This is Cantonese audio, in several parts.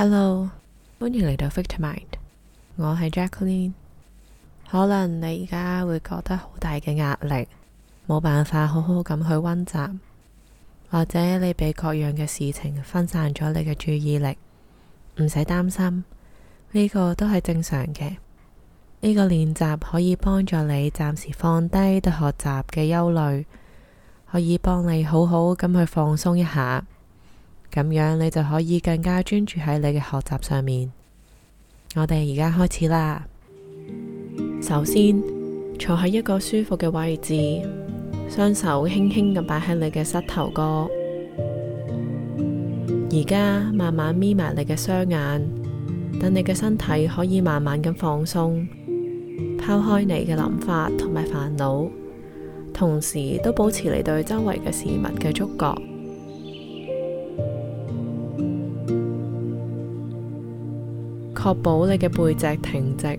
Hello，歡迎嚟到 Fit Mind。我係 Jacqueline。可能你而家會覺得好大嘅壓力，冇辦法好好咁去溫習，或者你俾各樣嘅事情分散咗你嘅注意力。唔使擔心，呢個都係正常嘅。呢個練習可以幫助你暫時放低對學習嘅憂慮，可以幫你好好咁去放鬆一下。咁樣你就可以更加專注喺你嘅學習上面。我哋而家開始啦。首先坐喺一個舒服嘅位置，雙手輕輕咁擺喺你嘅膝頭哥。而家慢慢眯埋你嘅雙眼，等你嘅身體可以慢慢咁放鬆，拋開你嘅諗法同埋煩惱，同時都保持你對周圍嘅事物嘅觸覺。確保你嘅背脊挺直，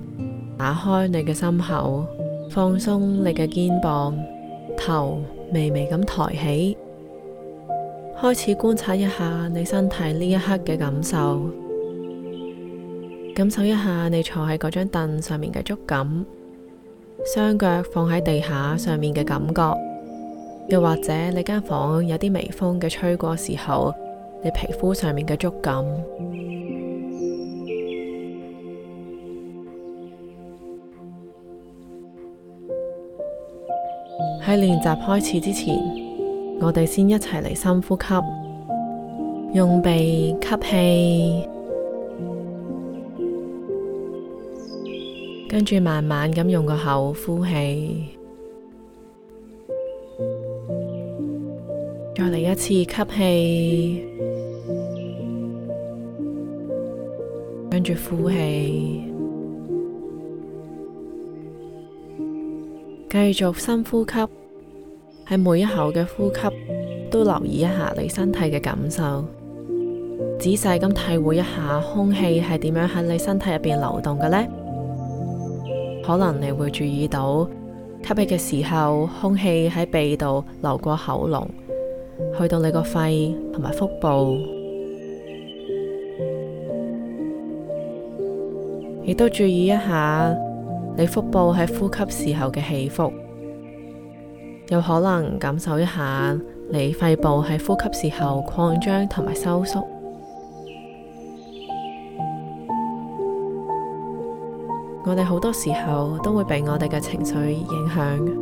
打開你嘅心口，放鬆你嘅肩膀，頭微微咁抬起，開始觀察一下你身體呢一刻嘅感受，感受一下你坐喺嗰張凳上面嘅觸感，雙腳放喺地下上面嘅感覺，又或者你間房有啲微風嘅吹過時候，你皮膚上面嘅觸感。喺練習開始之前，我哋先一齊嚟深呼吸，用鼻吸氣，跟住慢慢咁用個口呼氣，再嚟一次吸氣，跟住呼氣，繼續深呼吸。喺每一口嘅呼吸，都留意一下你身體嘅感受，仔細咁體會一下空氣係點樣喺你身體入邊流動嘅呢。可能你會注意到，吸氣嘅時候，空氣喺鼻度流過喉嚨，去到你個肺同埋腹部，亦都注意一下你腹部喺呼吸時候嘅起伏。有可能感受一下你肺部喺呼吸時候擴張同埋收縮。我哋好多時候都會被我哋嘅情緒影響，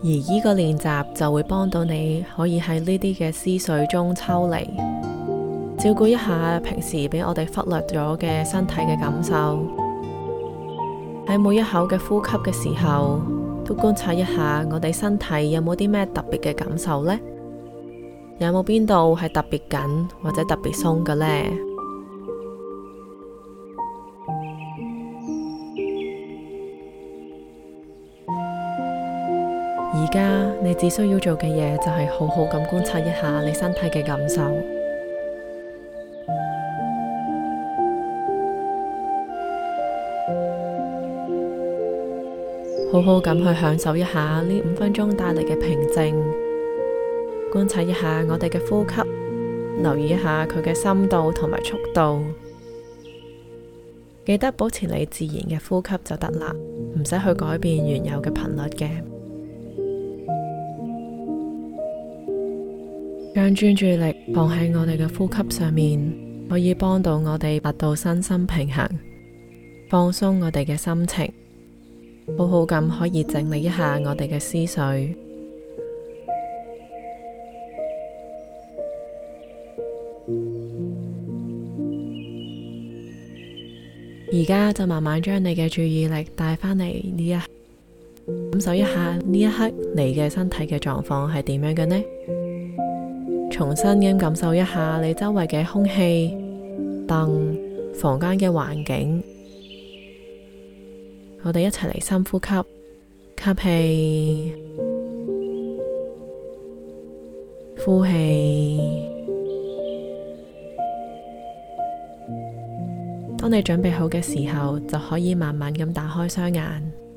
而依個練習就會幫到你，可以喺呢啲嘅思緒中抽離，照顧一下平時俾我哋忽略咗嘅身體嘅感受。喺每一口嘅呼吸嘅時候，都觀察一下我哋身體有冇啲咩特別嘅感受呢？有冇邊度係特別緊或者特別鬆嘅呢？而家你只需要做嘅嘢就係好好咁觀察一下你身體嘅感受。好好咁去享受一下呢五分鐘帶嚟嘅平靜，觀察一下我哋嘅呼吸，留意一下佢嘅深度同埋速度，記得保持你自然嘅呼吸就得啦，唔使去改變原有嘅頻率嘅。將專注力放喺我哋嘅呼吸上面，可以幫到我哋達到身心平衡，放鬆我哋嘅心情。好好咁可以整理一下我哋嘅思緒，而家 就慢慢將你嘅注意力帶返嚟呢一刻，感受一下呢一刻你嘅身體嘅狀況係點樣嘅呢？重新咁感受一下你周圍嘅空氣、凳、房間嘅環境。我哋一齊嚟深呼吸，吸氣，呼氣。當你準備好嘅時候，就可以慢慢咁打開雙眼。